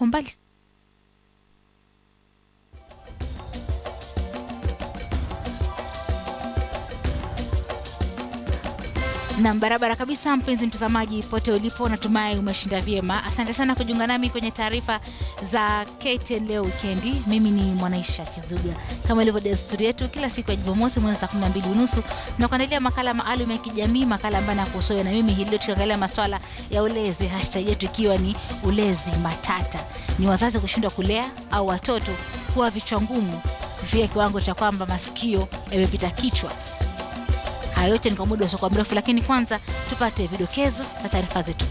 Humble Nam barabara kabisa, mpenzi mtazamaji, pote ulipo, natumai umeshinda vyema. Asante sana kujiunga nami kwenye taarifa za KTN leo wikendi. Mimi ni Mwanaisha Chizuga, kama ilivyo desturi yetu kila siku ya Jumamosi mwezi saa 12 unusu na kuandalia makala maalum ya kijamii, makala ambayo nakusoya na mimi hilio, tukiangalia maswala ya ulezi, hashtag yetu ikiwa ni ulezi matata. Ni wazazi kushindwa kulea au watoto kuwa vichwa ngumu vya kiwango cha kwamba masikio yamepita kichwa Hayo ah, yote ni kwa muda usiokuwa mrefu, lakini kwanza tupate vidokezo na taarifa zetu.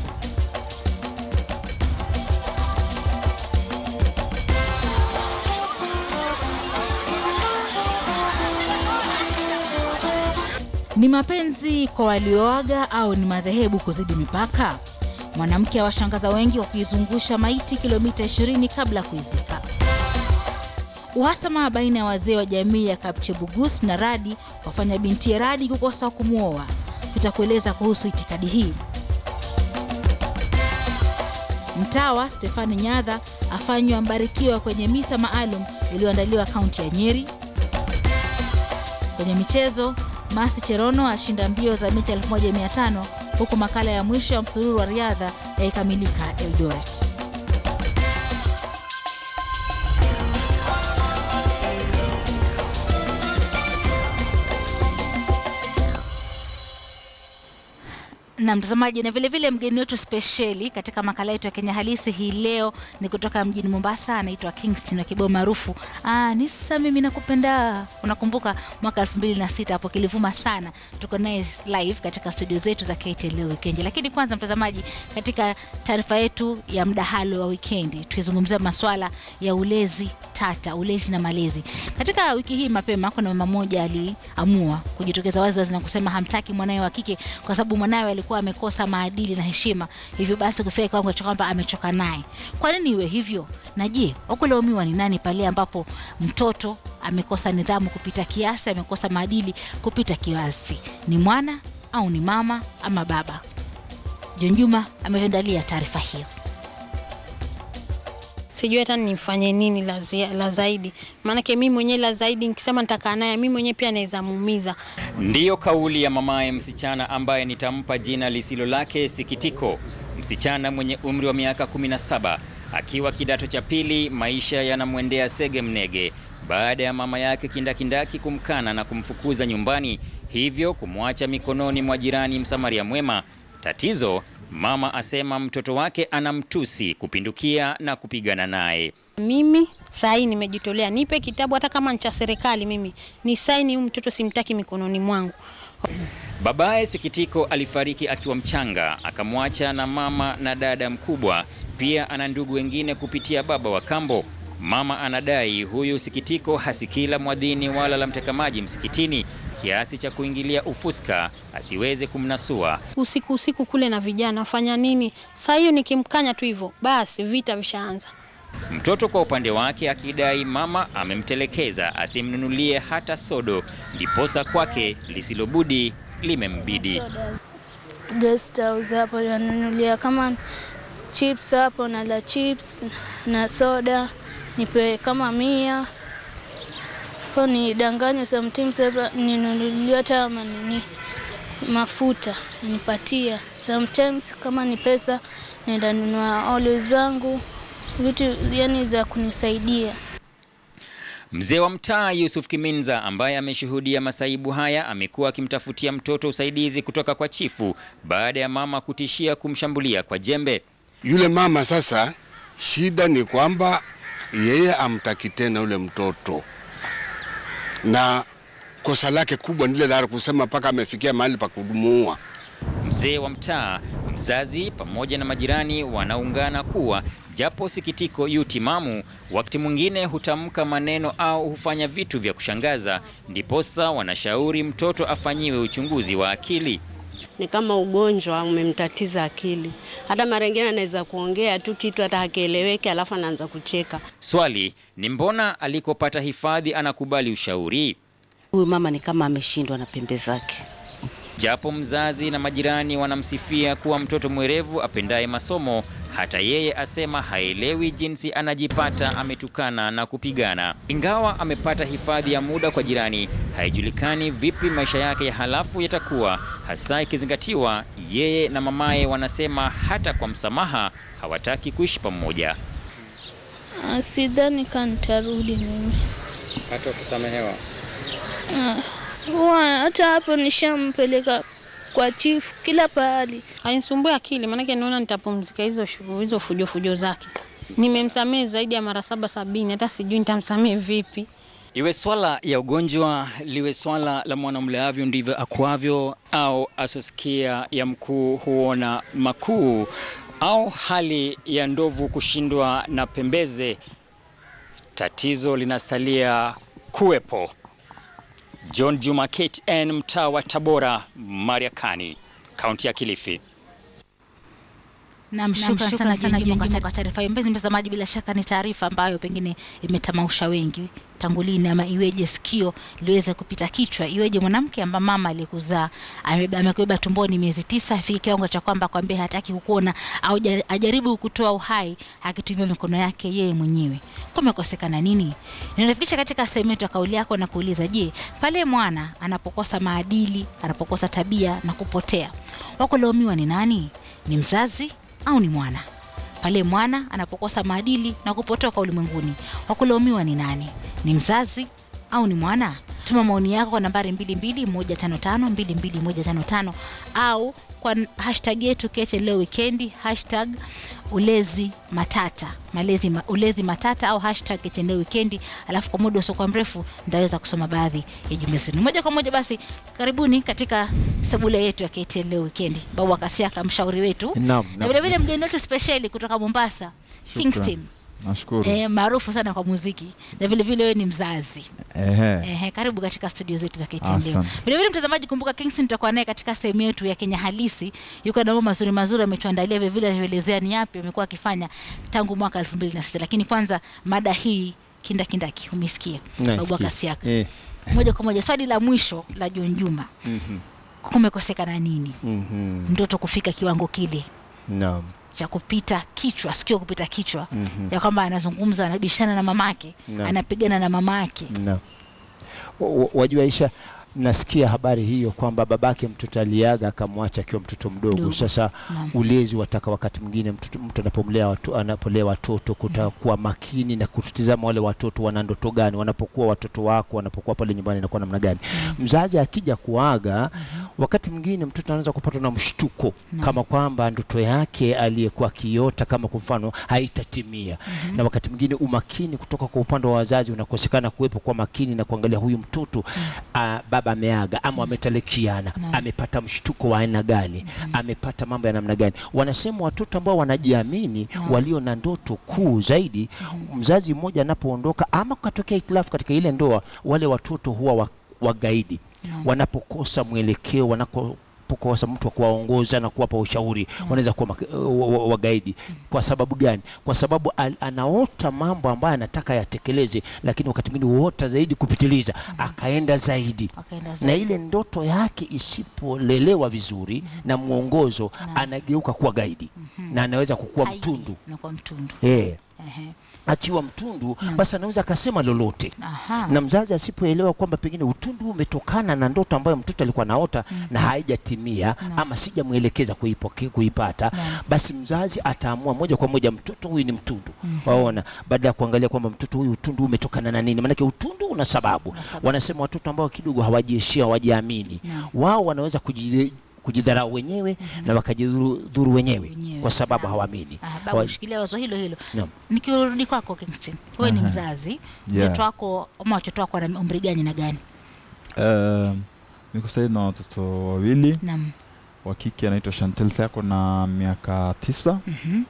Ni mapenzi kwa walioaga au ni madhehebu kuzidi mipaka? Mwanamke awashangaza wengi wa kuizungusha maiti kilomita 20 kabla ya kuizika. Uhasama baina ya wazee wa jamii ya Kapchebugus na Radi wafanya binti ya Radi kukosa kumwoa. Tutakueleza kuhusu itikadi hii. Mtawa Stefani Nyadha afanywa mbarikiwa kwenye misa maalum iliyoandaliwa kaunti ya Nyeri. Kwenye michezo, Masi Cherono ashinda mbio za mita 1500 huku makala ya mwisho ya msururu wa riadha yaikamilika Eldoret. na mtazamaji na vilevile vile mgeni wetu spesheli katika makala yetu ya Kenya Halisi hii leo ni kutoka mjini Mombasa, anaitwa Kingston na kibao maarufu ah, Nisa mimi nakupenda. Unakumbuka mwaka 2006 hapo kilivuma sana. Tuko naye live katika studio zetu za KTLA Weekend. Lakini kwanza, mtazamaji, katika taarifa yetu ya mdahalo wa wikendi tuizungumzia maswala ya ulezi tata, ulezi na malezi. Katika wiki hii mapema, kuna mama mmoja aliamua kujitokeza waziwazi na kusema hamtaki mwanawe wa kike kwa sababu mwanawe alikuwa amekosa maadili na heshima, hivyo basi kufikia kiwango cha kwamba amechoka naye. Kwa nini iwe hivyo? Na je, wakulaumiwa ni nani pale ambapo mtoto amekosa nidhamu kupita kiasi, amekosa maadili kupita kiasi? Ni mwana au ni mama ama baba? Jonjuma ameandalia taarifa hiyo sijui hata nifanye nini la, la zaidi, maanake mi mwenyewe la zaidi nikisema nitakaa naye mi mwenyewe pia naweza muumiza. Ndiyo kauli ya mamaye msichana ambaye nitampa jina lisilo lake Sikitiko, msichana mwenye umri wa miaka 17 akiwa kidato cha pili. Maisha yanamwendea sege mnege baada ya mama yake kindakindaki kumkana na kumfukuza nyumbani, hivyo kumwacha mikononi mwa jirani msamaria mwema. Tatizo Mama asema mtoto wake anamtusi kupindukia na kupigana naye. Mimi saa hii nimejitolea, nipe kitabu hata kama ni cha serikali, mimi ni saini, huyu mtoto simtaki mikononi mwangu. Babaye Sikitiko alifariki akiwa mchanga, akamwacha na mama na dada mkubwa. Pia ana ndugu wengine kupitia baba wa kambo. Mama anadai huyu Sikitiko hasikila mwadhini wala la mteka maji msikitini, kiasi cha kuingilia ufuska asiweze kumnasua. Usiku usiku kule na vijana fanya nini? Saa hiyo nikimkanya tu hivyo, basi vita vishaanza. Mtoto kwa upande wake akidai mama amemtelekeza asimnunulie hata sodo, ndiposa kwake lisilobudi limembidi. Guest house hapo yanunulia kama chips hapo, nala chips na soda, nipe kama mia kwa ni nidanganywe sometimes, labda ninunuliwa hata manini mafuta nipatia sometimes, kama ni pesa naenda nunua ole zangu vitu yani za kunisaidia. Mzee wa mtaa Yusuf Kiminza ambaye ameshuhudia masaibu haya amekuwa akimtafutia mtoto usaidizi kutoka kwa chifu baada ya mama kutishia kumshambulia kwa jembe. Yule mama sasa, shida ni kwamba yeye amtaki tena yule mtoto na kosa lake kubwa ndile la kusema mpaka amefikia mahali pa kumuua. Mzee wa mtaa, mzazi pamoja na majirani wanaungana kuwa japo sikitiko yu timamu, wakati mwingine hutamka maneno au hufanya vitu vya kushangaza, ndiposa wanashauri mtoto afanyiwe uchunguzi wa akili ni kama ugonjwa umemtatiza akili. Hata mara nyingine anaweza kuongea tu kitu hata hakieleweki, alafu anaanza kucheka. Swali ni mbona alikopata hifadhi anakubali ushauri? Huyu mama ni kama ameshindwa na pembe zake. Japo mzazi na majirani wanamsifia kuwa mtoto mwerevu apendaye masomo hata yeye asema haelewi jinsi anajipata ametukana na kupigana. Ingawa amepata hifadhi ya muda kwa jirani, haijulikani vipi maisha yake ya halafu yatakuwa, hasa ikizingatiwa yeye na mamaye wanasema hata kwa msamaha hawataki kuishi pamoja. Ah, sidhani kama nitarudi mimi hata ukisamehewa. Ah, hata hapo nishampeleka kwa chifu kila pahali. Hainisumbui akili, maanake naona nitapumzika hizo hizo fujo fujo zake. Nimemsamehe zaidi ya mara saba sabini, hata sijui nitamsamehe vipi. Iwe swala ya ugonjwa, liwe swala la mwanamleavyo ndivyo akuavyo, au asosikia ya mkuu huona makuu, au hali ya ndovu kushindwa na pembeze, tatizo linasalia kuwepo. John Juma KTN, mtaa wa Tabora, Mariakani, kaunti ya Kilifi. Namshukuru na sana sana Juma kwa taarifa hiyo. Mpenzi mtazamaji, bila shaka ni taarifa ambayo pengine imetamausha wengi tangu lini, ama iweje sikio liweze kupita kichwa? Iweje mwanamke ambaye mama aliyekuzaa amekubeba tumboni miezi tisa afike kiwango cha kwamba akwambie hataki kukuona au ajaribu kutoa uhai akitumia mikono yake yeye mwenyewe? Kumekosekana nini? Ninafikisha katika sehemu yetu ya kauli yako na kuuliza, je, pale mwana anapokosa maadili, anapokosa tabia na kupotea, wakulaumiwa ni nani? Ni mzazi au ni mwana pale mwana anapokosa maadili na kupotoka ulimwenguni wakulaumiwa ni nani ni mzazi au ni mwana tuma maoni yako kwa nambari 22155 au kwa hashtag yetu Kete Leo Wikendi, hashtag ulezi matata malezi ma, ulezi matata au hashtag Kete Leo Wikendi, alafu kwa muda usiokuwa mrefu nitaweza kusoma baadhi ya jumbe zenu moja kwa moja. Basi karibuni katika sebule yetu ya Kete Leo Wikendi. Babu Akasiaka mshauri wetu na vilevile mgeni wetu spesheli kutoka Mombasa, Shukra. Kingston Nashukuru. Eh, maarufu sana kwa muziki na vile vile wewe ni mzazi. Ehe. Ehe, karibu katika studio zetu za KTN. Vile vile mtazamaji, kumbuka Kingston tutakuwa naye katika sehemu yetu ya Kenya halisi. Yuko na mambo mazuri mazuri ametuandalia, vile vile atuelezea ni yapi amekuwa akifanya tangu mwaka 2006. Lakini kwanza mada hii kindakindaki umesikia Babu Kasiaka. Eh. Moja kwa moja swali la mwisho la John Juma. Mhm. Mm kumekosekana nini? Mhm. Mm Mtoto kufika kiwango kile. Naam. No cha kupita kichwa, sikio kupita kichwa mm -hmm. ya kwamba anazungumza, anabishana na mamake no. anapigana na mamake no. Wajua Aisha, nasikia habari hiyo kwamba babake mtoto aliaga akamwacha akiwa mtoto mdogo. Dugu. Sasa Naam. ulezi wataka wakati mwingine mtu, mtu anapomlea watu, anapolea watoto kutakuwa makini na kutizama wale watoto wana ndoto gani, wanapokuwa watoto wako wanapokuwa pale nyumbani inakuwa namna gani. Mzazi akija kuaga mm -hmm Wakati mwingine mtoto anaweza kupatwa na mshtuko no. kama kwamba ndoto yake aliyekuwa akiota kama kwa mfano haitatimia mm -hmm. na wakati mwingine umakini kutoka kwa upande wa wazazi unakosekana kuwepo kwa makini na kuangalia huyu mtoto mm -hmm. Ah, a, baba ameaga ama mm -hmm. amepata mshtuko wa aina gani mm -hmm. amepata mambo ya namna gani. Wanasema watoto ambao wanajiamini -hmm. walio na ndoto kuu zaidi mm -hmm. mzazi mmoja anapoondoka ama kukatokea hitilafu katika ile ndoa, wale watoto huwa wagaidi no. wanapokosa mwelekeo wanako kukosa mtu wa kuwaongoza na kuwapa ushauri mm. wanaweza kuwa eh, wagaidi mm. kwa sababu gani? Kwa sababu al, anaota mambo ambayo anataka yatekeleze, lakini wakati mwingine huota zaidi kupitiliza mm. akaenda zaidi, akaenda zaidi, na ile ndoto yake isipolelewa vizuri mm. na mwongozo mm. anageuka kuwa gaidi mm -hmm. na anaweza kukuwa mtundu, mtundu. Yeah. Uh -huh akiwa mtundu mm. basi anaweza akasema lolote Aha. na mzazi asipoelewa kwamba pengine utundu umetokana na ndoto ambayo mtoto alikuwa naota mm. na haijatimia mm. ama sijamwelekeza kuipata mm. basi mzazi ataamua moja kwa moja mtoto huyu ni mtundu mm. waona baada ya kuangalia kwamba mtoto huyu utundu umetokana na nini maanake utundu una sababu. wanasema watoto ambao kidogo hawajieshia hawajiamini mm. wao wanaweza kuji kujidharau wenyewe mm -hmm. na wakajidhuru wenyewe kwa sababu hawaamini. Washikilia wazo hilo hilo. Nikirudi kwako Kingston, wewe ni mzazi, mtoto wako ama watoto wako wana umri gani na gani? Um, niko sasa na watoto wawili. Naam. Wa kike anaitwa Chantel Sako na miaka tisa. Mm -hmm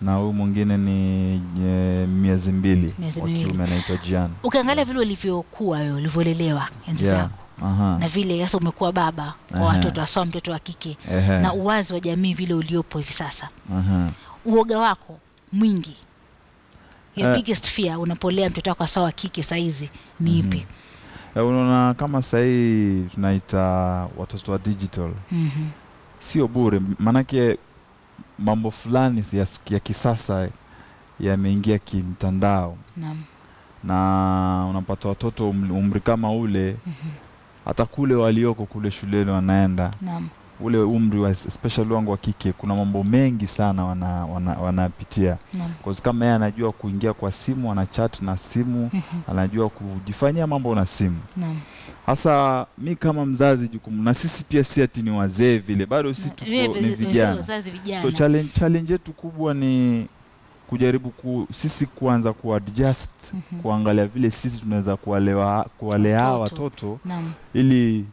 na huyu mwingine ni e, miezi mbili wa kiume anaitwa Jian. Ukiangalia vile ulivyokuwa wewe ulivyolelewa enzi yeah. zako Aha. na vile sasa umekuwa baba wa watoto asoa mtoto wa kike Aha. na uwazi wa jamii vile uliopo hivi sasa uoga wako mwingi your uh, biggest fear unapolea mtoto wako asoa wa kike hizi ni mhm. ipi mm -hmm unaona kama hii tunaita watoto wa digital mm -hmm. sio bure maanake mambo fulani ya, ya kisasa yameingia kimtandao Naam. na unapata watoto umri kama ule mm -hmm hata kule walioko kule shuleni wanaenda Naam. ule umri wa especially wangu wa kike kuna mambo mengi sana wanapitia wana, wana kama yeye anajua kuingia kwa simu ana chat na simu mhm. anajua kujifanyia mambo na simu Naam. Hasa mi kama mzazi jukumu, na sisi pia si ati ni wazee vile, bado si tuko ni vijana. So challenge, challenge yetu kubwa ni kujaribu ku, sisi kuanza kuadjust mm -hmm. kuangalia vile sisi tunaweza kuwalea kuwalea watoto ili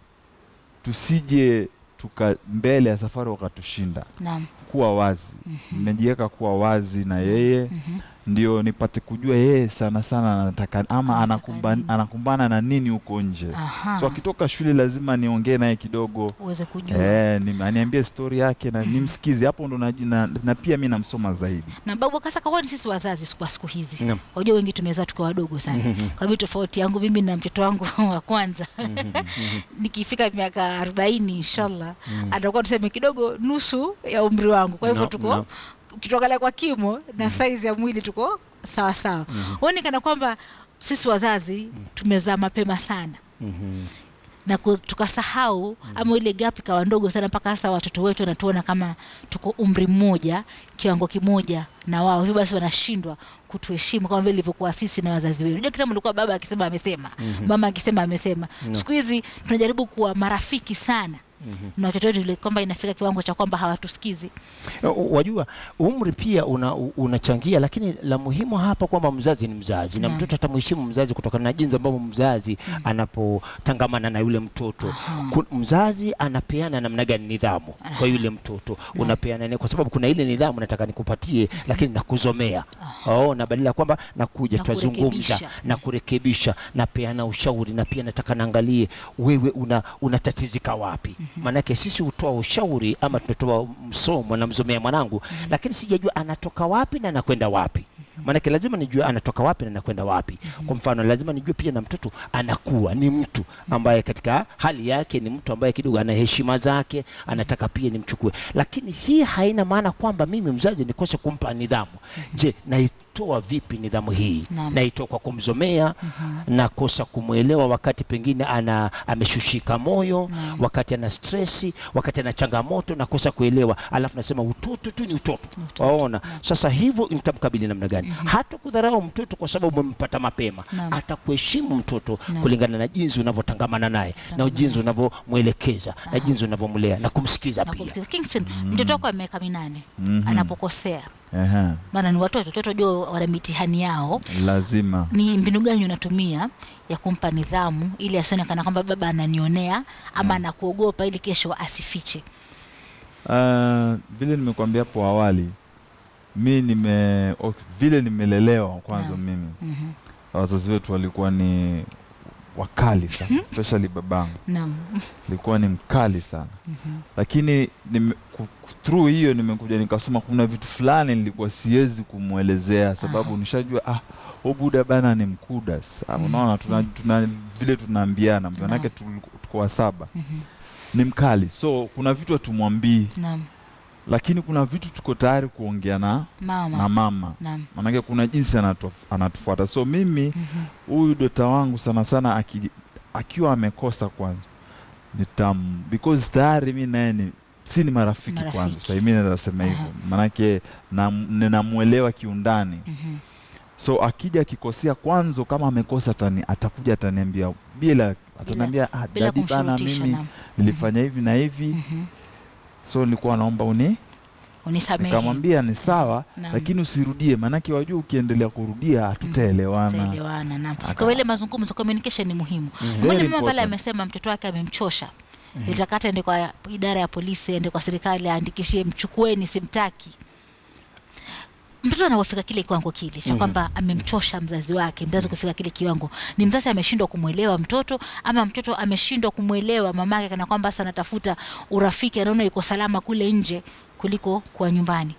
tusije tuka mbele ya safari wakatushinda. Naam. Kuwa wazi mhm. mmejiweka mm -hmm. kuwa wazi na yeye mm -hmm ndio nipate kujua yeye sana sana anataka ama anakumbana, anakumbana na nini huko nje. So akitoka shule lazima niongee naye kidogo, uweze kujua eh, ni, aniambie stori yake na mm nimsikize hapo ndo na, na, na pia mi namsoma zaidi. Na babu kasa kwa ni sisi wazazi kwa siku hizi yeah. Unajua wengi tumezaa tukiwa wadogo sana mhm. Kwa hivyo tofauti yangu mimi na mtoto wangu wa kwanza mhm. nikifika miaka 40 inshallah mhm. atakuwa tuseme kidogo nusu ya umri wangu, kwa hivyo no, tuko no ukitokala kwa kimo na mhm. saizi ya mwili tuko sawa sawa. Mm -hmm. kana kwamba sisi wazazi mhm. tumezaa mapema sana. Mm -hmm. Na tukasahau mm -hmm. ama ile gap kawa ndogo sana mpaka sasa watoto wetu wanatuona kama tuko umri mmoja, kiwango kimoja na wao, hivyo basi wanashindwa kutuheshimu kama vile ilivyokuwa sisi na wazazi wetu. Unajua, kila mlikuwa baba akisema amesema, mm -hmm. mama akisema amesema. No. Siku hizi tunajaribu kuwa marafiki sana mm -hmm. na watoto wetu kwamba inafika kiwango cha kwamba hawatusikizi. Eh, wajua umri pia una, unachangia, lakini la muhimu hapa kwamba mzazi ni mzazi na mm. mtoto atamheshimu mzazi kutokana na jinsi ambavyo mzazi mm. anapotangamana na yule mtoto Kun, mzazi anapeana namna gani nidhamu Aha. kwa yule mtoto unapeana nini, kwa sababu kuna ile nidhamu nataka nikupatie mm -hmm. lakini nakuzomea oh, na badala kwamba nakuja na twazungumza na kurekebisha napeana ushauri na pia nataka naangalie wewe una unatatizika wapi mm maanake sisi hutoa ushauri ama tunatoa msomo, namzomea mwanangu, lakini sijajua anatoka wapi na anakwenda wapi maanake lazima nijue anatoka wapi na anakwenda wapi. Kwa mfano, lazima nijue pia na mtoto anakuwa ni mtu ambaye katika hali yake ni mtu ambaye kidogo ana heshima zake, anataka pia nimchukue, lakini hii haina maana kwamba mimi mzazi nikose kumpa nidhamu. Je, na tutatoa vipi nidhamu hii na, na kwa kumzomea mm -hmm. na kosa kumwelewa wakati pengine ana ameshushika moyo na, wakati ana stresi, wakati ana changamoto na kosa kuelewa, alafu nasema utoto tu ni utoto, Waona sasa hivyo nitamkabili namna gani? mm -hmm. hata kudharau mtoto kwa sababu umempata mapema, atakuheshimu mtoto na, kulingana na jinsi unavyotangamana naye na jinsi unavyomwelekeza na jinsi unavyomlea na kumsikiza pia. Kingston, mtoto mm-hmm. wako ameka minane mm-hmm. anapokosea maana ni watoto, watoto jua wana mitihani yao, lazima. Ni mbinu gani unatumia ya kumpa nidhamu ili asione kana kwamba baba ananionea ama mm. anakuogopa ili kesho asifiche? Uh, vile nimekuambia hapo awali, mi nime vile nimelelewa kwanza, yeah. mimi mm-hmm. wazazi wetu walikuwa ni wakali sana mhm. especially babangu naam alikuwa ni mkali sana mm -hmm. lakini tru through hiyo nimekuja nikasoma kuna vitu fulani nilikuwa siwezi kumwelezea sababu ah. nishajua ah hubuda bana ni mkuda mm -hmm. unaona tuna, tuna vile tunaambiana maanake tuko saba mm -hmm. ni mkali so kuna vitu hatumwambii naam lakini kuna vitu tuko tayari kuongea na mama, na mama. Na. Manake kuna jinsi anatufuata. So mimi mm-hmm. huyu mm -hmm. dota wangu sana sana aki, akiwa amekosa kwanza nitam because tayari mi naye ni si ni marafiki, marafiki. kwanza sasa mimi naweza sema hivyo manake ninamuelewa kiundani mm -hmm. so akija akikosea kwanzo kama amekosa tani, atakuja ataniambia bila ataniambia ah, bila dadi bana mimi nilifanya mm -hmm. hivi na hivi mm -hmm so nilikuwa naomba uni unisamehe. Nikamwambia ni sawa na, lakini usirudie, maanake wajua ukiendelea kurudia mm-hmm. hatutaelewana. Tutaelewana, Kwa ile mazungumzo, communication ni muhimu. mm-hmm. mama pale amesema mtoto wake amemchosha mm-hmm. itakata ende kwa idara ya polisi, ende kwa serikali, aandikishie, mchukueni, simtaki mtoto anapofika kile kiwango kile cha mhm. kwamba mm -hmm. amemchosha mzazi wake, mzazi kufika kile kiwango, ni mzazi ameshindwa kumwelewa mtoto ama mtoto ameshindwa kumwelewa mamake, kana kwamba sasa anatafuta urafiki, anaona yuko salama kule nje kuliko kwa nyumbani.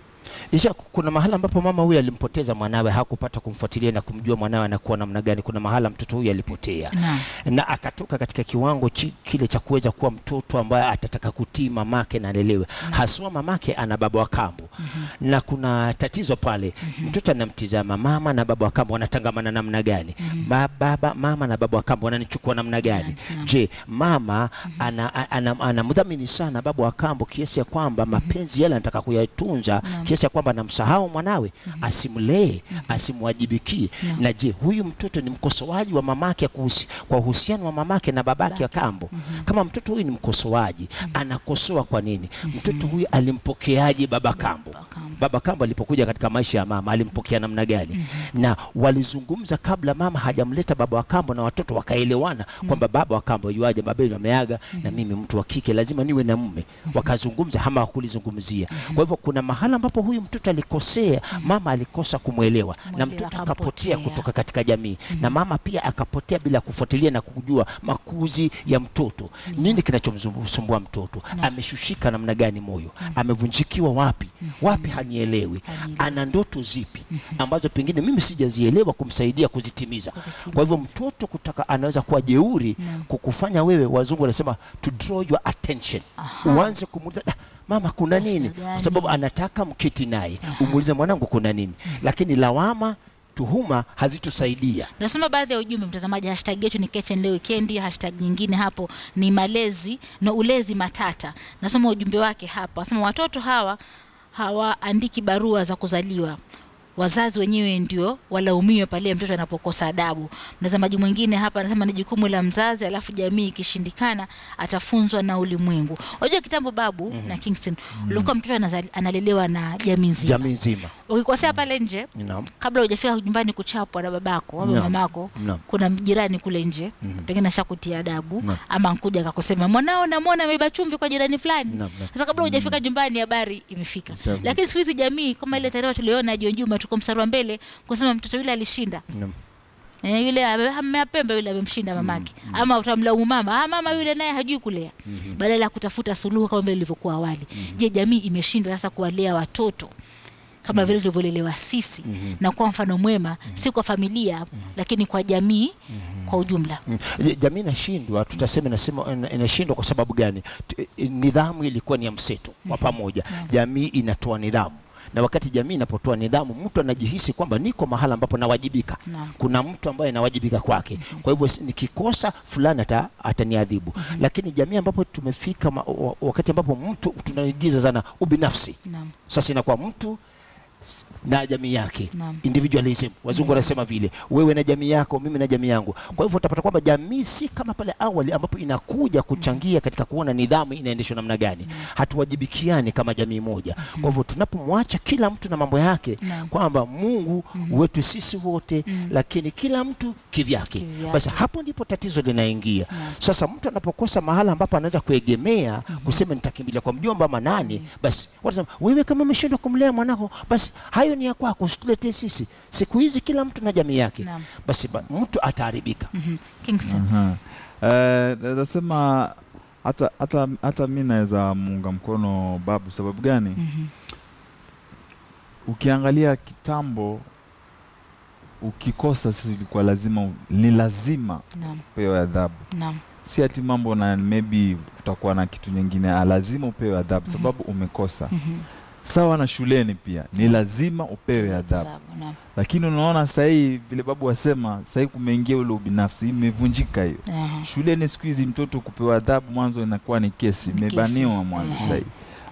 Isha, kuna mahala ambapo mama huyu alimpoteza mwanawe, hakupata kumfuatilia na kumjua mwanawe anakuwa namna gani. Kuna mahala mtoto huyu alipotea na, na akatoka katika kiwango chi, kile cha kuweza kuwa mtoto ambaye atataka kutii mamake na alelewe mm-hmm. haswa mamake ana baba wa kambo mm -hmm. na kuna tatizo pale mm -hmm. mtoto anamtizama mama na baba wa kambo wanatangamana namna gani mm -hmm. baba mama na baba wa kambo wananichukua namna gani mm -hmm. je, mama mm -hmm. ana, ana, ana, ana, sana baba wa kambo kiasi ya kwamba mm-hmm. mapenzi yale anataka kuyatunza mm -hmm kuonyesha kwamba namsahau mwanawe, mm -hmm. asimlee, mm -hmm. asimwajibikie. No. Na je, huyu mtoto ni mkosoaji wa mamake kuhusi, kwa uhusiano wa mamake na babake wa kambo? mm -hmm. Kama mtoto huyu ni mkosoaji, mm -hmm. anakosoa kwa nini? mm -hmm. Mtoto huyu alimpokeaje baba kambo? Baba kambo, alipokuja katika maisha ya mama alimpokea namna gani? mm -hmm. Na walizungumza kabla mama hajamleta baba wa kambo, na watoto wakaelewana mm -hmm. kwamba baba wa kambo yuaje, baba yenu ameaga, mm -hmm. na mimi mtu wa kike lazima niwe na mume. mm-hmm. Wakazungumza ama wakulizungumzia. mm -hmm. Kwa hivyo kuna mahala ambapo ambapo huyu mtoto alikosea, mm. mama alikosa kumwelewa na mtoto akapotea kutoka katika jamii mm. na mama pia akapotea bila kufuatilia na kujua makuzi ya mtoto mm. nini kinachomsumbua mtoto -hmm. ameshushika namna gani moyo mm. amevunjikiwa wapi mm. wapi hanielewi ana ndoto zipi mm. ambazo pengine mimi sijazielewa kumsaidia kuzitimiza. Kuzitimiza. Kwa hivyo mtoto kutaka anaweza kuwa jeuri kukufanya wewe, wazungu wanasema to draw your attention, uanze kumuuliza mama, kuna nini? Kwa sababu anataka mkiti naye, umuulize mwanangu, kuna nini? Hmm. Lakini lawama tuhuma hazitusaidia. Nasema baadhi ya ujumbe mtazamaji. Hashtag yetu ni KTN leo Weekend, Hashtag nyingine hapo ni malezi na ulezi matata. Nasoma ujumbe wake hapa, nasema watoto hawa hawaandiki barua za kuzaliwa wazazi wenyewe ndio walaumiwe pale mtoto anapokosa adabu. Mtazamaji mwingine hapa anasema ni jukumu la mzazi, alafu jamii ikishindikana atafunzwa na ulimwengu. Unajua kitambo babu mm -hmm. na Kingston mhm. ulikuwa mm -hmm. mtoto analelewa na jamii nzima, jamii nzima. Ukikosea pale nje no. kabla hujafika nyumbani kuchapwa na babako au no. mamako no. kuna jirani kule nje mm -hmm. pengine ashakutia adabu no. ama ankuja akakusema mwanao namwona ameiba chumvi kwa jirani fulani. Sasa no. Sasa kabla hujafika mhm. nyumbani habari imefika, lakini siku hizi jamii kama ile tarehe tuliona John Juma tuko mstari wa mbele kusema mtoto yule alishinda mm. E, yule amea pembe yule amemshinda mamake mm -hmm. Ama utamlaumu mama ah, mama yule naye hajui kulea mm -hmm. Badala ya kutafuta suluhu kama vile ilivyokuwa awali mm -hmm. Je, jamii imeshindwa sasa kuwalea watoto kama mm -hmm. vile mm-hmm. tulivyolelewa sisi mm -hmm. na kuwa mfano mwema mm -hmm. si kwa familia mm -hmm. lakini kwa jamii mm -hmm. kwa ujumla mm -hmm. Jamii inashindwa tutasema, inasema inashindwa kwa sababu gani? Eh, nidhamu ilikuwa ni ya mseto wa mm-hmm. pamoja mm -hmm. Jamii inatoa nidhamu na wakati jamii inapotoa nidhamu, mtu anajihisi kwamba niko mahala ambapo nawajibika na. Kuna mtu ambaye anawajibika kwake mm -hmm. Kwa hivyo nikikosa fulani ata, ataniadhibu mm -hmm. Lakini jamii ambapo tumefika ma, wakati ambapo mtu tunaigiza sana ubinafsi na. Sasa inakuwa mtu na jamii yake na. Individualism wazungu wanasema vile, wewe na jamii yako, mimi na jamii yangu. Kwa hivyo utapata kwamba jamii si kama pale awali ambapo inakuja kuchangia katika kuona nidhamu inaendeshwa namna gani. Hatuwajibikiani kama jamii moja. Kwa hivyo tunapomwacha kila mtu na mambo yake, kwamba Mungu mhm. wetu sisi wote, mhm. lakini kila mtu kivyake, basi hapo ndipo tatizo linaingia. Sasa mtu anapokosa mahala ambapo anaweza kuegemea mhm. kusema nitakimbilia kwa mjomba ama nani, basi watasema wewe kama umeshindwa kumlea mwanako basi basi hayo ni ya kwako, usituletee sisi. Siku hizi kila mtu na jamii yake na. Basi ba, mtu ataharibika. mm -hmm. uh, hata, hata, hata mi naweza muunga mkono babu. Sababu gani? mm -hmm. Ukiangalia kitambo ukikosa sisi ilikuwa lazima ni lazima upewe adhabu, si ati mambo na maybe utakuwa na kitu nyingine, lazima upewe adhabu mm -hmm. sababu umekosa mm -hmm sawa na shuleni pia ni mm. lazima upewe mm, adhabu, lakini unaona sahii vile babu wasema, sasa kumeingia ule ubinafsi, mm. imevunjika hiyo. Shuleni siku hizi mtoto kupewa adhabu mwanzo inakuwa ni kesi, imebaniwa mwanzo. Sasa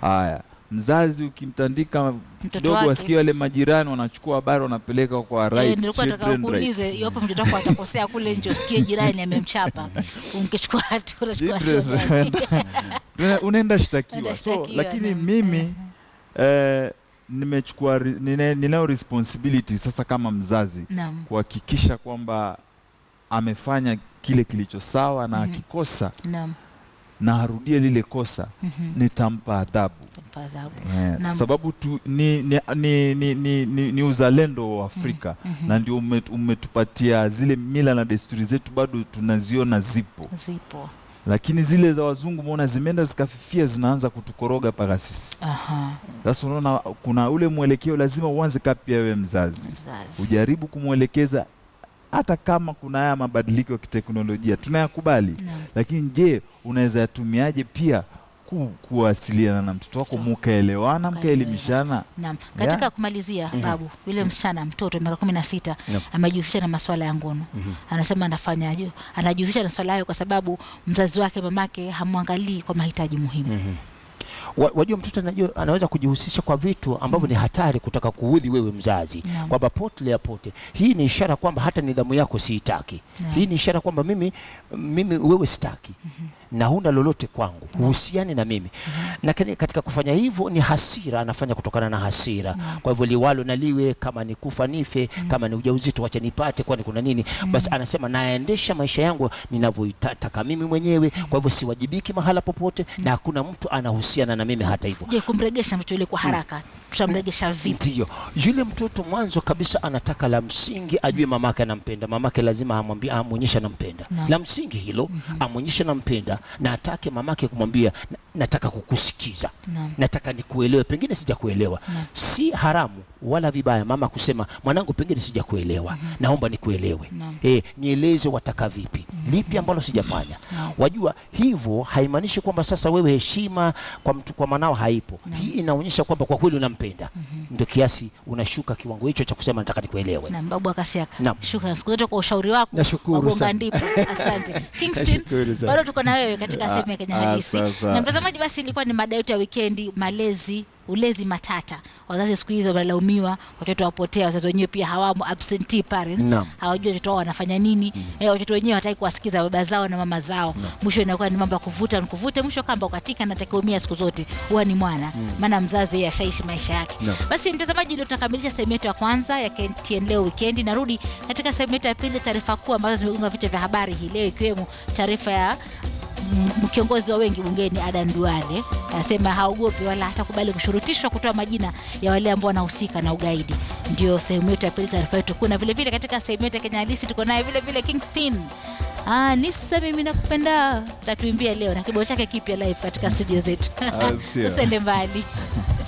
haya mzazi ukimtandika kidogo, wasikia wale majirani wanachukua habari wanapeleka kwa eh, right. iwapo mtoto wako atakosea kule nje, usikie jirani amemchapa, unaenda shtakiwa. So lakini mimi eh, nimechukua ninayo ninao responsibility sasa kama mzazi kuhakikisha kwamba amefanya kile kilicho sawa na mm -hmm. akikosa Naam na arudie lile kosa mm -hmm. nitampa adhabu yeah. sababu tu, ni, ni, ni, ni, ni, ni, ni uzalendo wa Afrika mm -hmm. na ndio umetupatia zile mila na desturi zetu bado tunaziona zipo, zipo lakini zile za wazungu umeona zimeenda zikafifia, zinaanza kutukoroga mpaka sisi. Sasa unaona kuna ule mwelekeo, lazima uanze kapya wewe mzazi, mzazi, ujaribu kumwelekeza hata kama kuna haya mabadiliko ya kiteknolojia tunayakubali, no. Lakini je, unaweza yatumiaje pia ku, kuwasiliana na mtoto wako mukaelewana mkaelimishana. Katika yeah. kumalizia mm -hmm. babu, yule msichana mtoto miaka kumi na sita yep. amejihusisha na masuala ya ngono mm -hmm. anasema anafanyaje? Anajihusisha na swala hayo kwa sababu mzazi wake mamake hamwangalii kwa mahitaji muhimu mm -hmm wajua mtoto anajua, anaweza kujihusisha kwa vitu ambavyo mm. ni mhm. hatari kutaka kuudhi wewe mzazi yeah. kwamba potle apote. Hii ni ishara kwamba hata nidhamu yako siitaki. Yeah. Hii ni ishara kwamba mimi, mimi wewe sitaki mm -hmm na huna lolote kwangu, huhusiani na mimi. Lakini katika kufanya hivyo ni hasira, anafanya kutokana na hasira. Kwa hivyo liwalo na liwe, kama ni kufa nife, kama ni ujauzito wacha nipate, kwani kuna nini? Basi anasema naendesha maisha yangu ninavyoitaka mimi mwenyewe, kwa hivyo siwajibiki mahala popote na hakuna mtu anahusiana na mimi hata hivyo. Je, kumregesha mtu yule kwa haraka mm. tutamregesha vipi? Ndio, yule mtoto mwanzo kabisa anataka la msingi ajue mamake anampenda. Mamake lazima amwambie, amwonyeshe anampenda, la msingi hilo, mhm. amwonyeshe anampenda na atake mamake kumwambia nataka kukusikiza no. nataka nikuelewe pengine sijakuelewa no. si haramu wala vibaya mama kusema mwanangu pengine sijakuelewa mm -hmm. naomba nikuelewe no. e, nieleze wataka vipi mm -hmm. lipi ambalo sijafanya no. wajua hivyo haimaanishi kwamba sasa wewe heshima kwa mtu kwa manao haipo no. hii inaonyesha kwamba kwa kweli unampenda mm -hmm. ndio kiasi unashuka kiwango hicho cha kusema nataka nikuelewe na babu akasiaka shukrani kwa ushauri wako nashukuru sana asante Kingston bado tuko na wewe wewe katika ah, sehemu ya Kenya ah, Halisi. Na mtazamaji, basi ilikuwa ni mada yetu ya wikendi, malezi ulezi matata. Wazazi siku hizi wamelaumiwa, watoto wapotea, wazazi wenyewe pia hawamo, absentee parents no. hawajui watoto wao wanafanya nini mm. Eh, watoto wenyewe hataki kuwasikiza baba zao na mama zao no. Mwisho inakuwa ni mambo ya kuvuta nikuvute, mwisho kamba ukatika na atakaumia siku zote huwa ni mwana maana mm. maana mzazi yeye ashaishi maisha yake no. Basi mtazamaji, ndio tunakamilisha sehemu yetu ya kwanza ya KTN leo wikendi. Narudi katika sehemu yetu ya pili, taarifa kuu ambazo zimegonga vichwa vya habari hii leo, ikiwemo taarifa ya kiongozi wa wengi bungeni Adan Duale anasema haogopi wala hatakubali kushurutishwa kutoa majina ya wale ambao wanahusika na ugaidi. Ndio sehemu yetu ya pili taarifa yetu kuu, na vile vile katika sehemu yetu ya Kenya Halisi tuko naye vile vile Kingston Ah, Nisa mimi nakupenda, tatuimbia leo na kibao chake kipya live katika studio zetu. Ah, Usende mbali.